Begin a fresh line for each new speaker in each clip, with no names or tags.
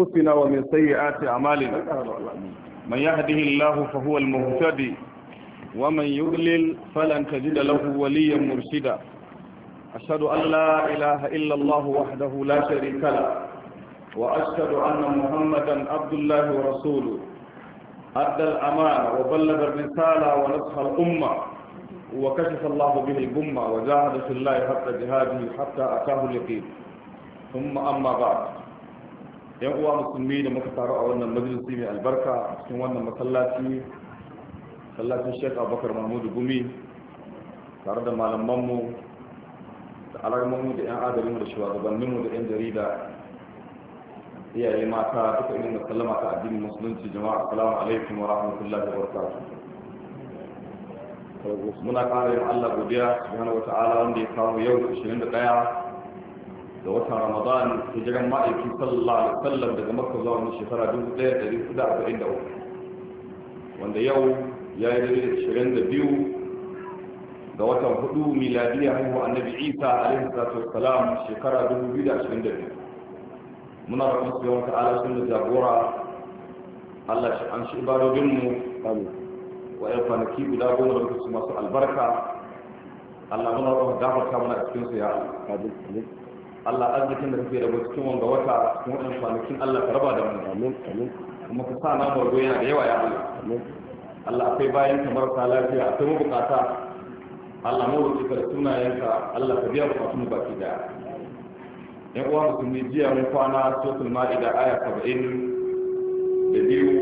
أنفسنا ومن سيئات أعمالنا من يهده الله فهو المهتدي ومن يضلل فلن تجد له وليا مرشدا أشهد أن لا إله إلا الله وحده لا شريك له وأشهد أن محمدا عبد الله ورسوله أدى الأمانة وبلغ الرسالة ونصح الأمة وكشف الله به الأمة وجاهد في الله حتى جهاده حتى أتاه اليقين ثم أما بعد yan uwa musulmi da muka taru a wannan majalisi mai albarka cikin wannan masallaci masallacin shek abubakar mahmudu gumi tare da malamanmu da alarmanmu da 'yan adalinmu da shugabanninmu da 'yan jarida iyaye mata duka irin da sallama ta addinin musulunci jama'a assalamu alaikum wa rahmatullahi wa barakatuh muna ƙara yin Allah godiya subhanahu wa ta'ala wanda ya kawo yau 21 ga watan ramadan hijiran ma'aiki sallallahu alaihi wasallam daga makka zuwa wani shekara 1443 wanda yau ya yi da biyu ga watan hudu miladiyya haihu annabi isa alaihi salatu wassalam shekara 2022 muna rabin su yawan ta'ala sun da jagora allah shi an shi ibadodinmu wa yan kwanaki guda goma da su masu albarka allah muna rabin gafarta mana a cikinsu ya Allah. Allah arzikin da kake rabo cikin wanga wata cikin wannan kwanakin Allah ka raba da mu amin amin kuma ka sa nan bargo yana da yawa ya Allah amin Allah akwai bayan ka marasa lafiya akwai mabukata Allah mu roƙi ka sunayenka Allah ka biya bukatun baki da yan uwa musulmi jiya mun kwana cikin ma'ida aya 70 da biyu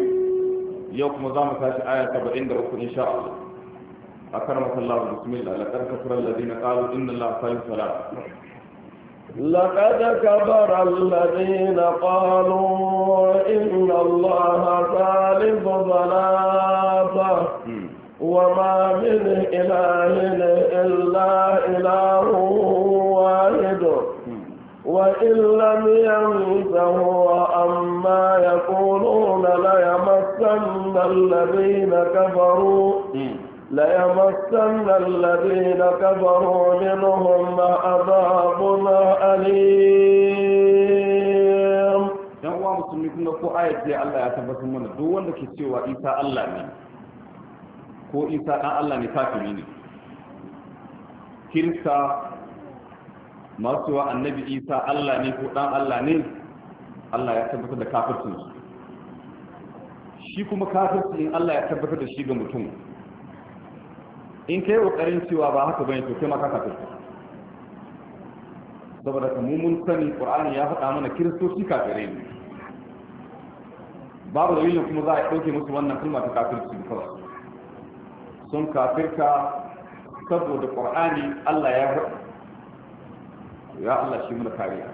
yau kuma za mu tashi aya 73
insha Allah أكرمك الله بسم الله لقد كفر الذين قالوا إن الله ثالث ثلاثة لقد كبر الذين قالوا إن الله ثالث ثلاثة وما من إله إلا إله واحد وإن لم ينتهوا أما يقولون ليمسن الذين كفروا ليمسن الذين كفروا منهم عذاب أليم dan uwa musulmi kun ko ayat dai Allah ya tabbatar mana duk wanda ke cewa Isa Allah ne
ko Isa dan Allah ne kafiri ne kirista masu wa annabi Isa Allah ne ko dan Allah ne Allah ya tabbatar da kafircin shi kuma kafirci in Allah ya tabbatar da shi ga mutum in ka yi kokarin cewa ba haka bane to kai ma ka kafa saboda kuma mun sani qur'ani ya faɗa mana kiristoci kafirai ne babu dalilin kuma za a ɗauke musu wannan kalma ta kafirci kawai sun kafirka saboda qur'ani Allah ya ya Allah shi mu kariya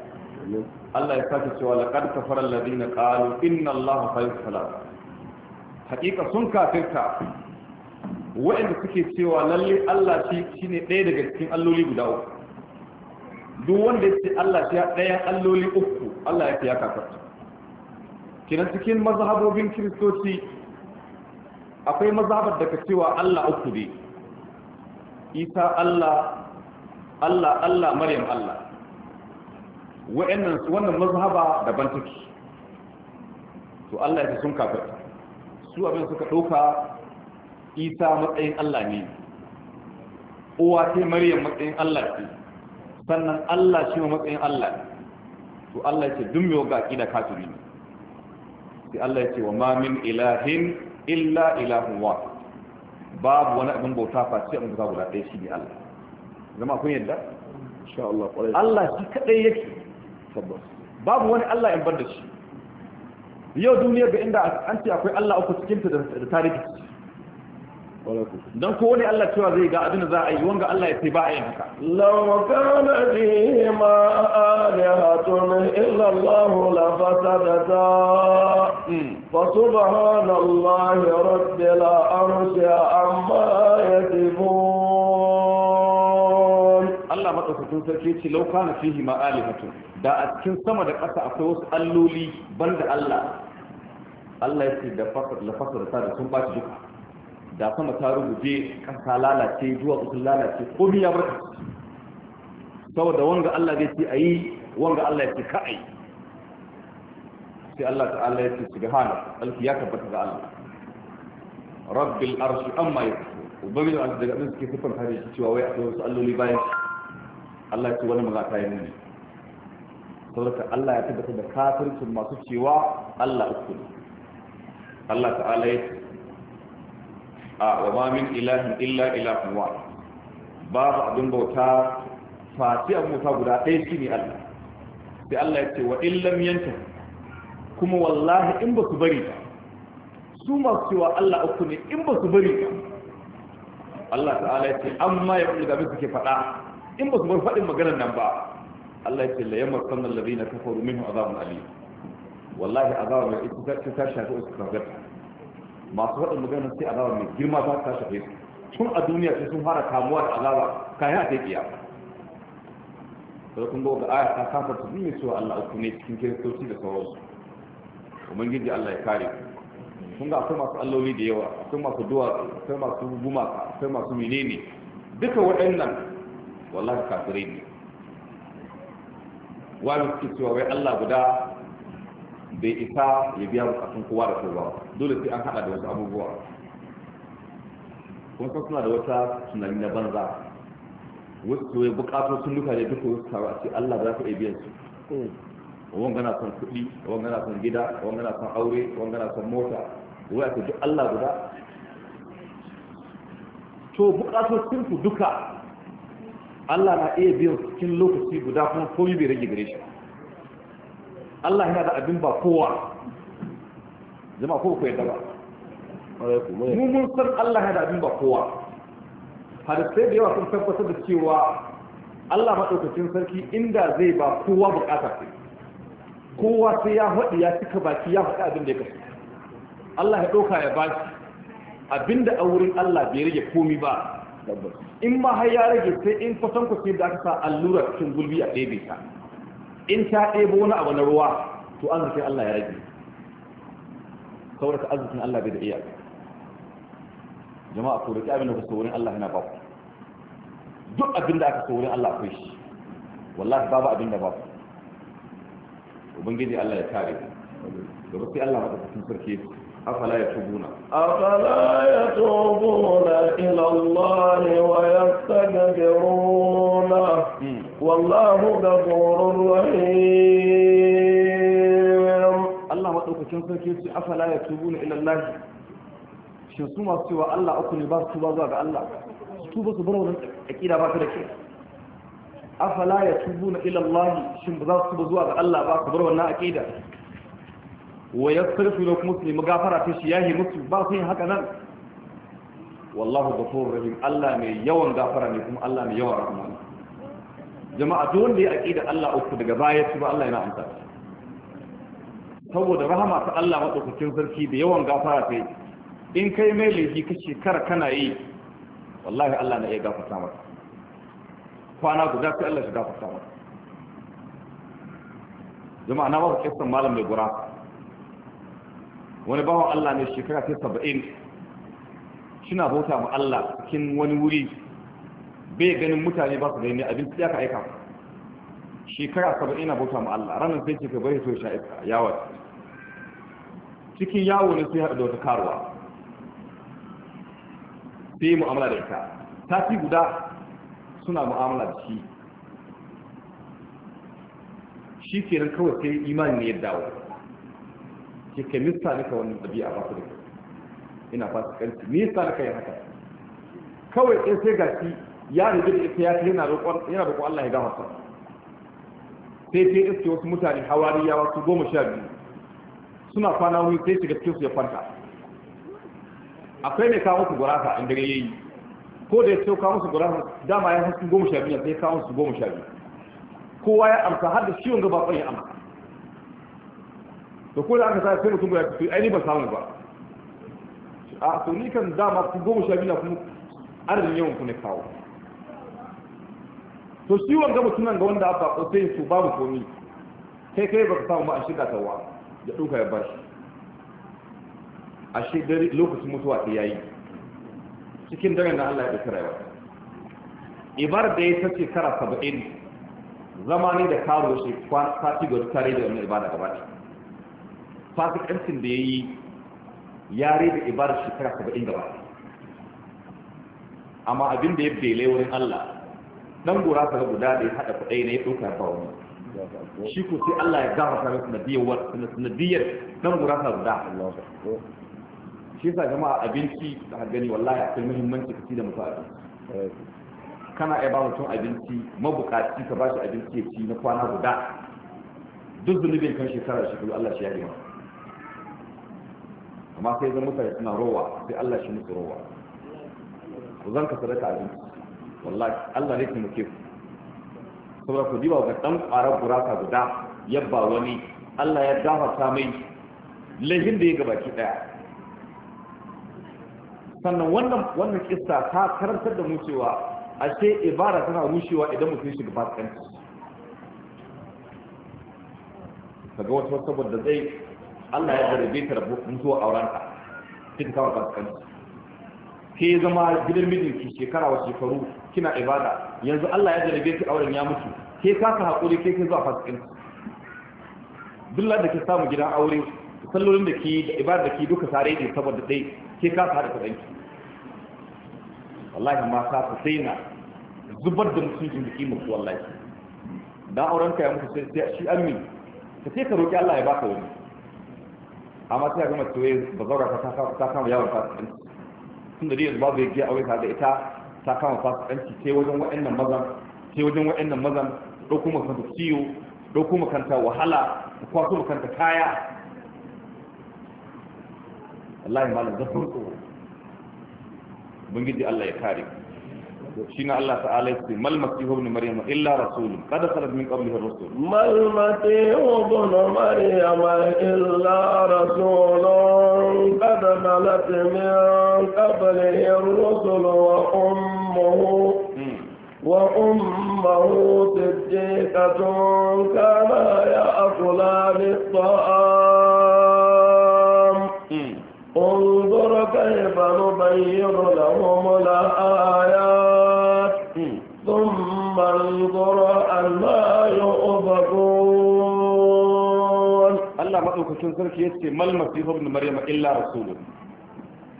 Allah ya sake cewa laqad kafara alladhina qalu inna Allaha fayyul salat hakika sun kafirta wa'anda suke cewa lalle Allah shi ne ɗaya daga cikin alloli guda uku duk wanda ya ce Allah ya ɗaya alloli uku Allah ya ce ya kafarta kinan cikin mazhabobin kiristoci akwai mazhabar da ka cewa Allah uku ne Isa Allah Allah Allah Maryam Allah wa'annan wannan mazhaba daban take to Allah ya sun kafarta su abin suka ɗauka isa matsayin Allah ne uwa ce maryam matsayin Allah ce sannan Allah shi ma matsayin Allah to Allah ce duk mai ga aqida kafiri ne sai Allah ya ce wa ma min ilahin illa ilahun wa babu wani abin bauta face abin guda guda ɗaya shi ne Allah zama kun yadda insha Allah kwarai Allah shi kadai yake tabbas babu wani Allah in bar da shi yau duniyar ga inda an ce akwai Allah uku cikin ta da tarihi
don
ko wani Allah cewa zai ga abin da za a yi wanga Allah ya ce ba a yi haka
law kana fi ma alihatun illa Allah la fasadata hmm. fa subhanallahi rabbil arshi amma yasifun Allah madaukakin
sarki ce law kana fihi ma alihatun da a cikin sama da ƙasa akwai wasu alloli banda Allah Allah ya ce da fasadata da sun ba duka da sama ta rubuje ƙasa lalace zuwa usul lalace ko ya barka saboda wanga Allah zai ce a yi wanga Allah ya ce ka a sai Allah ta'ala ya ce subhana alki ya tabbata ga Allah rabbil arshi amma ya fito ubangiji Allah daga abin suke sifan kare shi cewa wai akwai wasu alloli bayan Allah ya ce wani maza ta yi nuni saboda Allah ya tabbata da kafircin masu cewa Allah uku Allah ta'ala ya ce a wa ma min ilahin illa ilahun wa babu abin bauta fati abin bauta guda ɗaya shi ne Allah sai Allah ya ce wa illam yanta kuma wallahi in ba su bari ba su masu cewa Allah uku ne in ba su bari ba Allah ta'ala ya ce amma ya kuɗi gabi suke faɗa in ba su bar faɗin maganar nan ba Allah ya ce la yamma sannan ladina kafaru minhu azabun alim wallahi azabun alim ta shafi uskar gata masu faɗin magana sai azaba mai girma ba ta shafe su tun a duniya sai sun fara kamuwa da azaba kayan a taifiya sai kun ga wata aya ta kafar su ne cewa Allah uku ne cikin kiristoci da sauransu ubangiji Allah ya kare Sun ga akwai masu alloli da yawa akwai masu duwa, akwai masu gumaka akwai masu menene duka waɗannan wallahi kafirai ne wani suke cewa wai Allah guda bai isa ya biya bukatun kowa da kowa dole sai an hada da wasu abubuwa kun san suna da wata tunani na banza wasu bukatun sun duka ne duka wasu tawa ce Allah za ka iya biyan su wawan hmm. gana son kuɗi wawan gana son gida wawan gana son aure wawan gana son mota wai ake duk Allah guda to bukatun ku duka Allah na iya biyan cikin lokaci guda kuma komai bai rage gare shi Allah yana da abin ba kowa jama'a ko ku yadda ba mu mun san Allah yana da abin ba kowa hadisai da yawa sun tabbatar da cewa Allah madaukakin sarki inda zai ba kowa bukata sai kowa sai ya faɗi ya cika baki ya faɗi abin da ya kasu Allah ya ɗauka ya bashi abin da a wurin Allah bai rage komi ba in ma har ya rage sai in kusan kusa da aka sa allura cikin gulbi a ɗebe ta in ta ɗebo wani abu na ruwa to arzikin Allah ya rage saboda ka arzikin Allah bai da iya jama'a ku rike abin da ku wurin Allah yana ba duk abin da aka so wurin Allah kai, shi wallahi babu abin da ba ku ubangiji Allah ya kare ku gaba sai Allah madaukakin sarki afala ya tubuna
afala ya tubuna ila Allah wa yastaghfiruna hmm. والله غفور رحيم الله madaukakin sarki yace afala yatubuna ila Allah shin su masu Allah uku
ba su tuba zuwa ga Allah su tuba su bar wannan akida ba ta da kyau afala yatubuna ila Allah shin ba za su tuba zuwa ga Allah ba su bar wannan akida wa yastaghfiru lakum muslimu gafara ta shi musu ba su haka nan wallahu ghafurur rahim Allah mai yawan gafara ne kuma Allah mai yawan ne jama'a duk wanda ya aqida Allah uku daga baya su ba Allah yana amsa saboda rahama ta Allah madaukakin sarki da yawan gafara sai in kai mai laifi ka shekara kana yi wallahi Allah na iya gafarta maka kwana guda sai Allah shi gafarta maka jama'a na ba ku malam mai gura wani bawan Allah ne shekara sai 70 shi na bauta mu Allah cikin wani wuri bai ganin mutane ba su gani abinci ya ka aika shekara saba'in ina bauta ma Allah ranar sai ce ka bari so sha iska yawo cikin yawo ne sai haɗu da wata karuwa sai yi mu'amala da ita fi guda suna mu'amala da shi shi ke nan kawai sai imani ne ya dawo ke kai nista nika wannan ɗabi'a ba su da ina su me nista nika yin haka kawai sai sai ga shi ya rubi da ita ya kai yana roƙon yana roƙon Allah ya gafarta sai sai iske wasu mutane hawariya wasu goma sha biyu suna kwana wuri sai shiga cikin su ya kwanta akwai mai kawo musu gurasa in dare yayi ko da ya ce kawo musu gurasa dama ya hasu goma sha biyu sai kawo musu goma sha biyu kowa ya amsa har da ciwon gaba ya amsa da ko da aka sa sai mutum ya fito ainihin ba samu ba a to ni kan dama su goma sha biyu na kuma arzikin yawan ku ne kawo to shi wanga mutumin ga wanda aka kosai sai su babu komi kai kai ba ka samu ba a shiga tawa ya duka ya bashi ashe dare lokacin mutuwa ta yayi cikin dare na Allah ya dauki rayuwa ibar da ya tace kara 70 zamani da karo shi kwan sati ga tare da wannan ibada gaba ɗaya fasikancin da yayi yare da shi kara 70 gaba amma abin da ya bele wurin Allah dan gora ta guda da ya hada kudai ne ya dauka ba wani shi ko sai Allah ya gafarta masa nadiyar wa nadiyar dan gora ta guda shi yasa jama'a abinci da gani wallahi akwai muhimmanci kaci da mutu abinci kana iya ba mutum abinci mabukaci ka ba shi abinci ya ci na kwana guda duk zunubin kan shekara shi kuma Allah shi ya yi amma sai zan mutane suna rowa sai Allah shi musu rowa ku zan ka sadaka abinci wallahi Allah ne kuma ke ku saboda ku diba ga dan ƙwarar buraka guda yabba wani Allah ya gafarta mai lahin da ya ki daya sannan wannan wannan kissa ta karantar da mu cewa ashe ibara tana rushewa idan mutum shiga fasikanci kaga wata saboda zai Allah ya darbe ta rabu mutuwa aurenta cikin kan fasikanci ke zama gidan mijinki shekara wa shekaru kina ibada yanzu Allah ya jarabe ki auren ya mutu ke ka hakuri ke kai zuwa fasikin dullar da ke samu gidan aure sallolin da ke da ibada da ke duka tare ne saboda dai ke ka hada kudin ki wallahi ma ka ku sai na zubar da mutuncin da kima su wallahi dan auren ka ya mutu sai shi ammi ka ce ka roki Allah ya baka wani amma sai ga mace wai ka ta ta kama yawon fasikin tun da yanzu ba zai giya aure kaga ita ta kama fasikanci sai wajen waɗannan mazan sai wajen waɗannan mazan ɗauko makanta ciwo ɗauko makanta wahala da kwaso makanta kaya wallahi malam zafin tsoro ubangiji Allah ya kare ku شين الله تعالى يقول ما المسيح ابن مريم إلا رسول قد خلت من قبله الرسل
ما المسيح ابن مريم إلا رسول قد خلت من قبله الرسل وأمه وأمه صديقة كما يأكلان الطعام انظر كيف نبين لهم الآيات ثم انظر أما يؤفكون الله ما أقول كتن سرك
يتي ما المسيح ابن مريم إلا رسول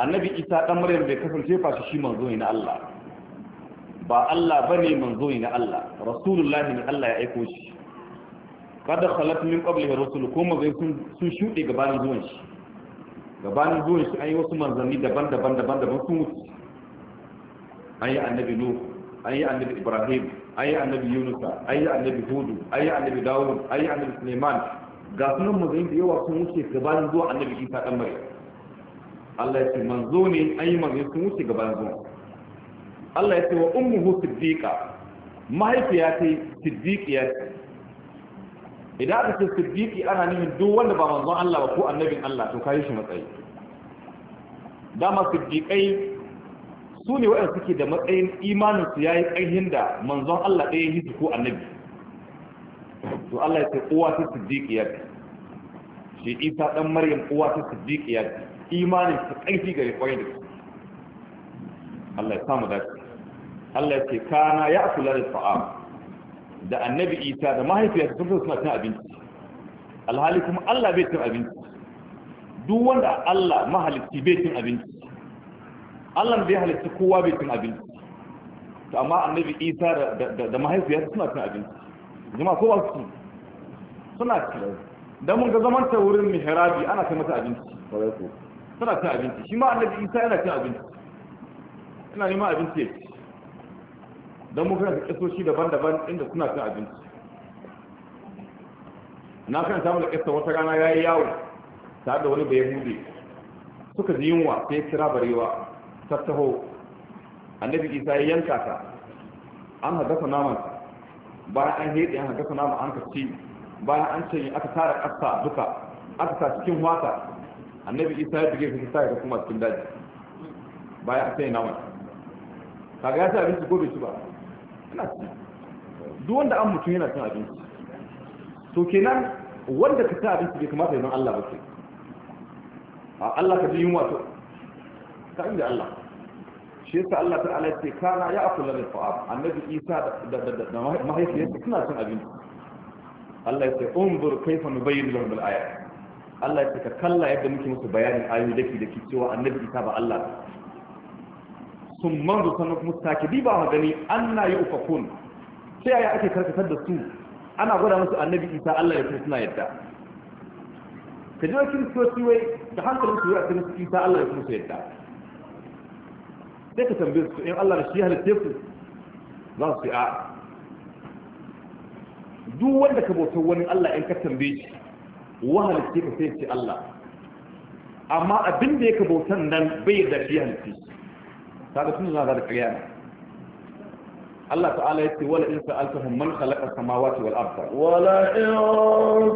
النبي إيسا أم مريم بكفر شيفا شي منزوين الله با الله بني منزوين الله رسول الله من الله يأيكوش قد خلت من قبله رسول كما زي سن شوɗe gabanin zuwan shi gabanin zuwan shi an yi wasu manzanni daban-daban daban-daban sun wuce an yi annabi nuhu an yi annabi ibrahim an yi annabi yunusa an yi annabi hudu an yi annabi dawud an yi annabi suleiman ga nan mazayin da yawa sun wuce gabanin zuwa annabi isa dan mari Allah ya ce manzo ne an yi manzo sun wuce gabanin zuwa Allah ya ce wa ummuhu siddiqa mahaifiya ta siddiqiya idan aka ce siddiqi ana nufin duk wanda ba manzon Allah ba ko annabin Allah to kai shi matsayi dama siddiqai su ne waɗanda suke da matsayin imanin su yayi ƙarhin da manzon Allah ɗaya hisu ko annabi to Allah ya ce uwa ta siddiqiyar shi Isa dan Maryam uwa ta siddiqiyar imanin su ƙarfi gare ƙwarai da Allah ya sa mu dace Allah ya ce kana ya akula da ta'am da annabi Isa da mahaifiyarsa sun suna cin abinci alhali kuma Allah bai cin abinci duk wanda Allah mahalicci bai cin abinci Allah bai halitta kowa bai cin abinci to amma annabi Isa da da mahaifiya suna cin abinci jama'a ko ba su suna ci dan mun ga zaman ta wurin mihrabi ana kai mata abinci bare ko suna cin abinci shi ma annabi Isa yana cin abinci ina neman abinci ya ci dan mun ga shi daban-daban inda suna cin abinci na kan samu da kasta wata rana yayi yawo tare da wani bayahudi suka ji yunwa sai kira barewa ta taho annabi isa ya yanka ta an haddasa naman bayan an hede an haddasa naman an ka ci. bayan an ce aka tara ƙasa duka aka sa cikin wata annabi isa ya buge ta sai ta kuma cikin daji bayan an sai naman kaga ya sa abinci gobe ci ba ina ci duk wanda an mutum yana cin abinci to kenan wanda ka sa abinci bai kamata ya zan Allah ba ke Allah ka ji yunwa to ka inda Allah shi yasa Allah ta'ala ya ce kana ya akula min fa'ab annabi Isa da mahaifiyarsa suna cin abinci Allah ya ce unzur kayfa nubayyin lahum al-ayat Allah ya ce ka kalla yadda muke musu bayanin ayoyi dake dake cewa annabi Isa ba Allah sun manzo sanin kuma bi ba magani anna ya ufakun sai yaya ake karkatar da su ana gwada musu annabi Isa Allah ya ce suna yadda ka ji wasu kiristoci wai da hankalin su ya ce musu Isa Allah ya ce suna yadda sai ka tambaye su in Allah da shi halitta ku za su a duk wanda ka bauta wani Allah in ka tambaye shi wa halitta ka sai ce Allah amma abin da ya ka bautan nan bai da shi halitta da tun za da ƙarya Allah ta'ala ya ce wala in sa'altahum man khalaqa samawati wal arda
wala in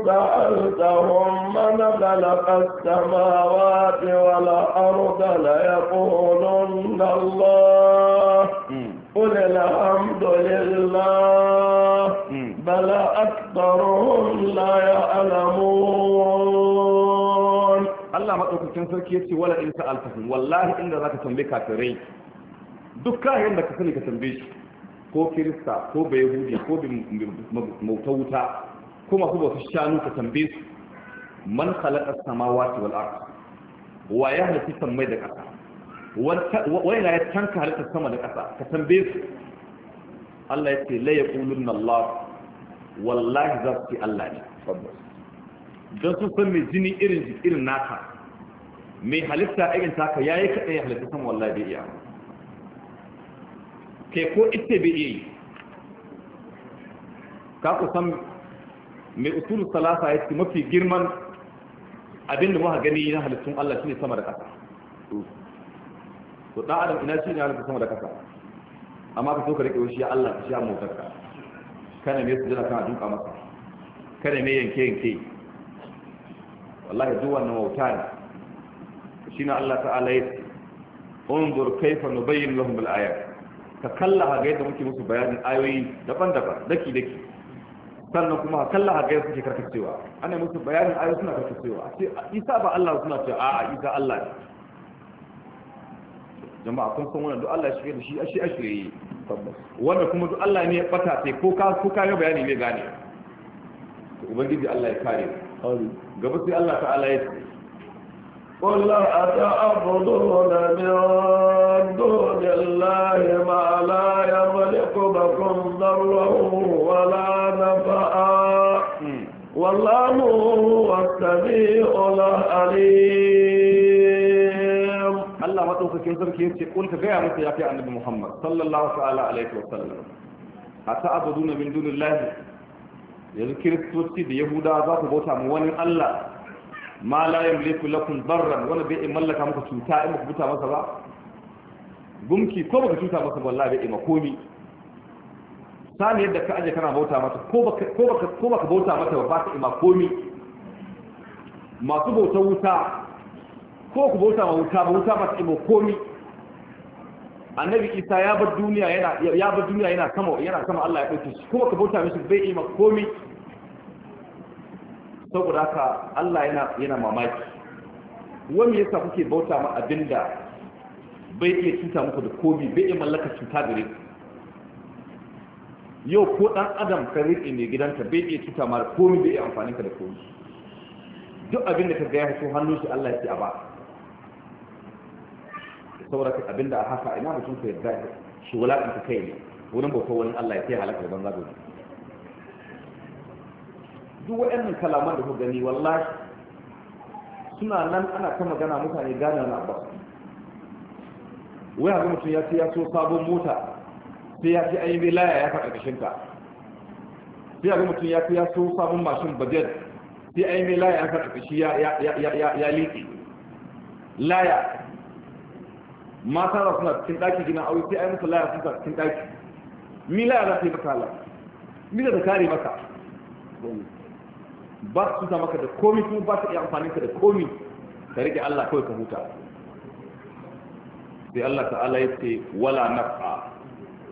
sa'altahum man khalaqa samawati wal arda la yaqulun Allah hmm. qul alhamdu lillah hmm. bal aktharuhum la ya'lamun
Allah madaukakin sarki ya ce wala in sa'altahum wallahi inda zaka tambaye kafirai duk kayan da ka sani ka tambaye shi ko kirista ko bai yahudi ko mauta wuta kuma masu ba su shanu ka tambaye su man khalaqa samawati wal ard wa ya halitta samai da ƙasa wa yana ya tanka halitta sama da ƙasa ka tambaye su Allah ya ce la yaqulunna Allah wallahi za su ce Allah ne don sun san me jini irin irin naka mai halitta irin taka yayi ya halitta sama wallahi bai iya kai ko ita bai iya yi ka kusan mai usul salasa ya ce mafi girman abinda muka gani na halittun Allah shine sama da ƙasa to da adam ina shine halittun sama da ƙasa amma ka so ka rike shi Allah ka sha motarka kana mai sujada kana duka masa kana mai yanke yanke wallahi duk wannan wauta ne shine Allah ta'ala ya unzur kayfa nubayyin lahum bil ayat ka kalla ga yadda muke musu bayanin ayoyi daban-daban daki daki sannan kuma ka kalla ga yadda suke karkacewa ana musu bayanin ayoyi suna karkacewa ce isa ba Allah suna a a'a isa Allah ne jama'a kun san wannan duk Allah shi da shi a shi a shirye wannan kuma duk Allah ne ya bata sai ko ka ko ka yi bayani ne gane ubangiji Allah ya kare gaba sai Allah ta'ala ya ce
قل أتعبدون من دون الله ما لا يملك بكم ضرا ولا نفعا والله هو السميع العليم الله ما توقف كنزر كيف تقول كفاية مثل
يا النبي محمد صلى الله تعالى عليه وسلم أتعبدون من دون الله yanzu kiristoci da yahuda za ku bauta mu wani allah ma la yamliku lakum darran wanda bai in mallaka muku cuta in muku buta masa ba gumki ko baka cuta masa wallahi bai in komi. sani yadda ka aje kana bauta mata ko baka ko baka ko baka bauta mata ba ta in komi. masu bauta wuta ko ku bauta ma wuta ba wuta ba ta in makomi annabi isa ya bar duniya yana ya bar duniya yana sama yana sama Allah ya dauke shi ko baka bauta mishi bai in komi. saboda haka Allah yana yana mamaki wani yasa kuke bauta ma abinda bai iya cuta muku da komi bai iya mallaka cuta gare ku yau ko dan adam ka riƙe mai gidanka bai iya cuta ma komi bai iya amfani ka da komi duk abinda ka ga ya fito hannun shi Allah ya ce a ba saboda ka abinda a haka ina mutum ka yarda shi ka kai ne wurin bautar wani Allah ya kai halaka da banza gobe duk waɗannan kalaman da ku gani wallahi suna nan ana ta magana mutane gane na ba wai haka mutum ya ce ya so sabon mota sai ya ce an yi laya ya faɗa ƙashinta sai haka mutum ya ce ya so sabon mashin bajet sai an yi laya ya faɗa ƙashi ya liƙe laya mata za suna cikin ɗaki gina aure sai an yi musu laya sun sa cikin ɗaki mi laya za ta yi masa laya mi da ta kare masa ba su cuta maka da komi kuma ba su iya amfani ka da komi ka rike Allah kawai ka huta sai Allah ta'ala ya ce wala naf'a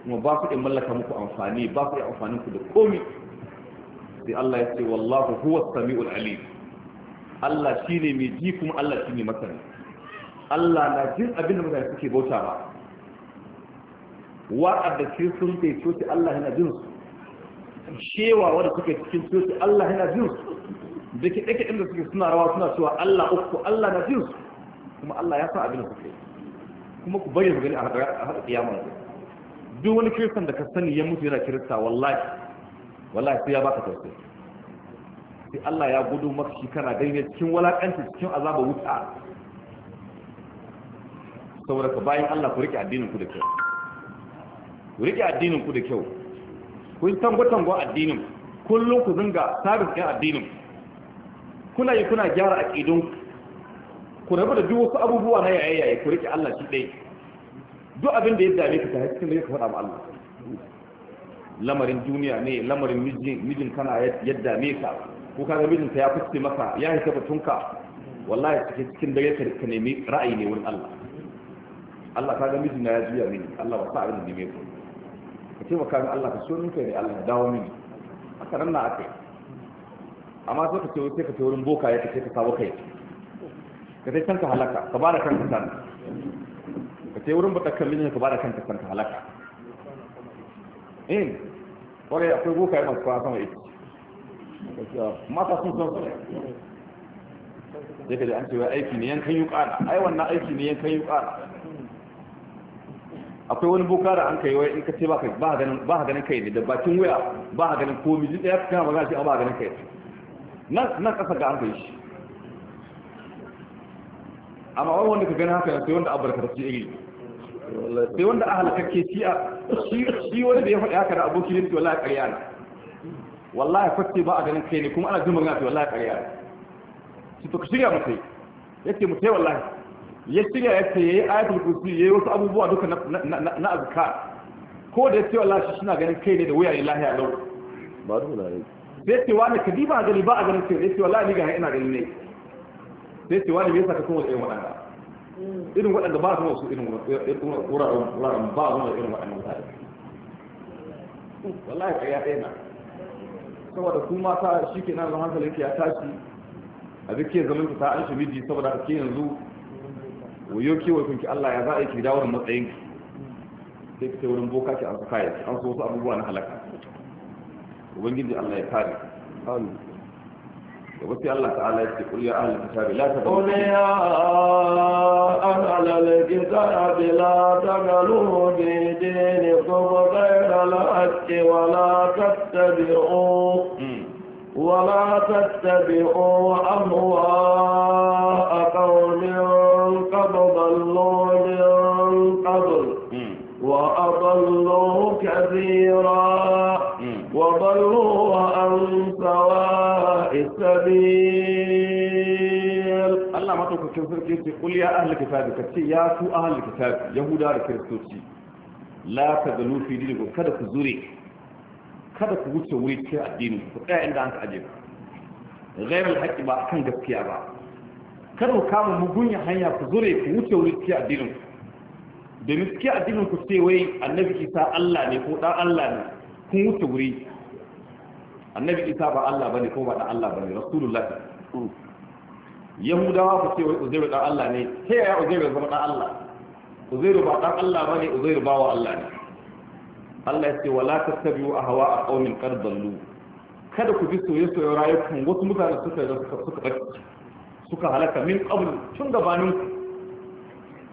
kuma ba su iya mallaka muku amfani ba su iya amfani ku da komi sai Allah ya ce wallahu huwa samiul alim Allah shine mai ji kuma Allah shine masani Allah na jin abin da mutane suke bauta ba wa'ad da ke sun kai coci Allah yana jin su shewa wanda suke cikin coci Allah yana jin su da ke ɗake inda suke suna rawa suna cewa Allah uku Allah na jin su kuma Allah ya sa abin da suke kuma ku bari mu gani a haɗa kiyama da duk wani kiristan da ka sani ya mutu yana kirista wallahi wallahi sai ya baka tausayi sai Allah ya gudu maka shi kana gani cikin walakanci cikin azaba wuta saboda ka bayan Allah ku riƙe addinin ku da kyau ku riƙe addinin ku da kyau kun tango-tango addinin kullum ku zunga sabis ɗin addinin kuna yi kuna gyara aƙidun ku rabu da duk wasu abubuwa na yayaye ku riƙe Allah shi ɗai duk abin da ya dame ka ta cikin da ka faɗa ma Allah lamarin duniya ne lamarin mijin kana ya dame ka ko ka ga mijinka ya fuske maka ya hita batunka wallahi cikin cikin dare ka nemi ra'ayi ne wurin Allah Allah ka ga mijina ya juya mini Allah ba sa abin da ne ku taimaka min Allah ka ciyo min kai ne Allah dawo mini haka nan na aka yi amma sai ka ciyo sai ka ciyo wurin boka ya kace ka sabo kai ka san ka halaka ka ba da kanka san ka ciyo wurin bata kallin ka ba da kanka san ka halaka in eh, kore akwai boka ya masu kwa sama ita mata sun san su ne sai ka ji an ce wai aiki ne yankan yi ƙara ai wannan aiki ne yankan yi ƙara akwai wani boka da an kai wai in ka ce ba ka ganin ba ganin kai ne da bakin waya ba ka ganin komai jin daya kana magana shi ba ka ganin kai nan nan kasa ga an kai shi amma wani wanda ka gani haka sai wanda abarka ta ce iri sai wanda ahal kake shi shi wani da ya faɗi haka da aboki ne wallahi ƙarya ne wallahi kwatte ba a ganin kai ne kuma ana jin magana wallahi ƙarya ne su to ka shirya mutai yake mutai wallahi ya shirya ya ce yayi ayatul kursi yayi wasu abubuwa duka na azkar ko da yace wallahi shi na ganin kai ne da wuya ne lahiya lau ba duk da ne sai ce wani kadi ba gani ba a ganin sai yace wallahi ga ina ganin ne sai ce wani me yasa ka kuma irin wadanda mm. irin wadanda ba su wasu irin wuraren ba su irin wadanda mutane wallahi kai ya tsaya saboda su mata shikenan zan hankali ya tashi a duk ke zaman ta an shi miji saboda ke yanzu wayo kewa ki Allah ya za a yi ki dawo da matsayin sai ki wurin boka ki an kaya an so wasu abubuwa na halaka ubangiji Allah ya kare da wasu Allah ta'ala ya ce kul ya ahlul kitabi la tagalu qul
ya ta kitabi la ta tagalu bi dinikum ghayra al-haqqi wa la tattabi'u ولا تتبعوا أهواء قوم قبض الله من قبل وأضلوا كثيرا وضلوا عن سواء السبيل
الله ما تقول كثير قل يا أهل الكتاب كثير يا سو أهل الكتاب يهودا الكريستوسي لا تدلوا في دينكم كذا كزوري كذا سويت وريتش الدين فقاعد أنت عجب غير الحق بقى كان جبكي أبقى kada ku kama mugunya hanya ku zure ku wuce wuri cikin addinin ku domin cikin addinin ku ce wai annabi isa allah ne ko dan allah ne kun wuce wuri annabi isa ba allah bane ko ba dan allah bane rasulullahi yahudawa ku ce wai uzairu dan allah ne sai yaya uzairu zama dan allah uzairu ba dan allah bane uzairu ba wa allah ne allah ya ce wala tattabi'u ahwa a qaumin qad dallu kada ku bi soyayya soyayya rayukan wasu mutane suka suka suka suka halaka min qabl tun gabanin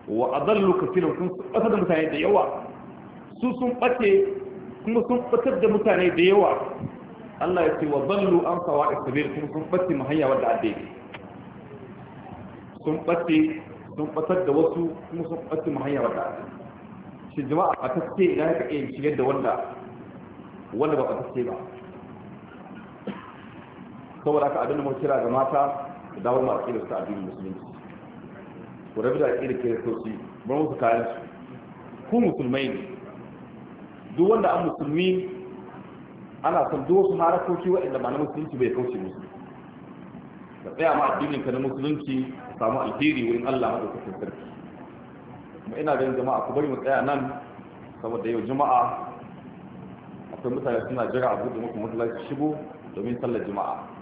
wa adallu kathirun sun ɓata da mutane da yawa su sun ɓace kuma sun ɓata da mutane da yawa Allah ya ce wa dallu an sawa'i sabil kuma sun bace mahayya wadda addini sun ɓace sun ɓatar da wasu kuma sun ɓace mahayya wadda addini shi jama'a a taske idan ka iya shigar da wanda wanda ba a taske ba saboda ka abin da mu kira ga mata ku dawo ma aƙida su ta addinin musulunci ku rabu da aƙida kiristoci bar musu kayan su ku musulmai ne duk wanda an musulmi ana son duk wasu harakoki waɗanda ba na musulunci bai kauce musu ka tsaya ma addinin ka na musulunci ka samu alheri wurin Allah sun sarki kuma ina ganin jama'a ku bari mu tsaya nan saboda yau juma'a akwai mutane suna jira a buɗe muku masallaci shigo domin sallar juma'a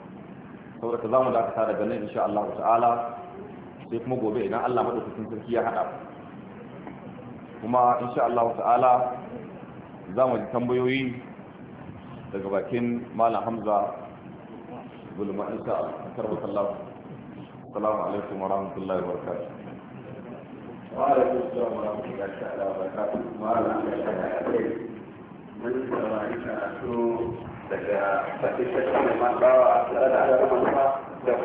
saboda za mu dakata daga nan insha Allah ta'ala sai kuma gobe idan Allah madaukakin sarki ya hada kuma insha Allah ta'ala za mu ji tambayoyi daga bakin malam Hamza bulma insha Allah karbu sallallahu assalamu alaikum wa rahmatullahi wa barakatuh wa alaikum assalam wa rahmatullahi wa barakatuh
malam ya shaka mun karatu daga fatisar kan man bawa tare da alarar manufa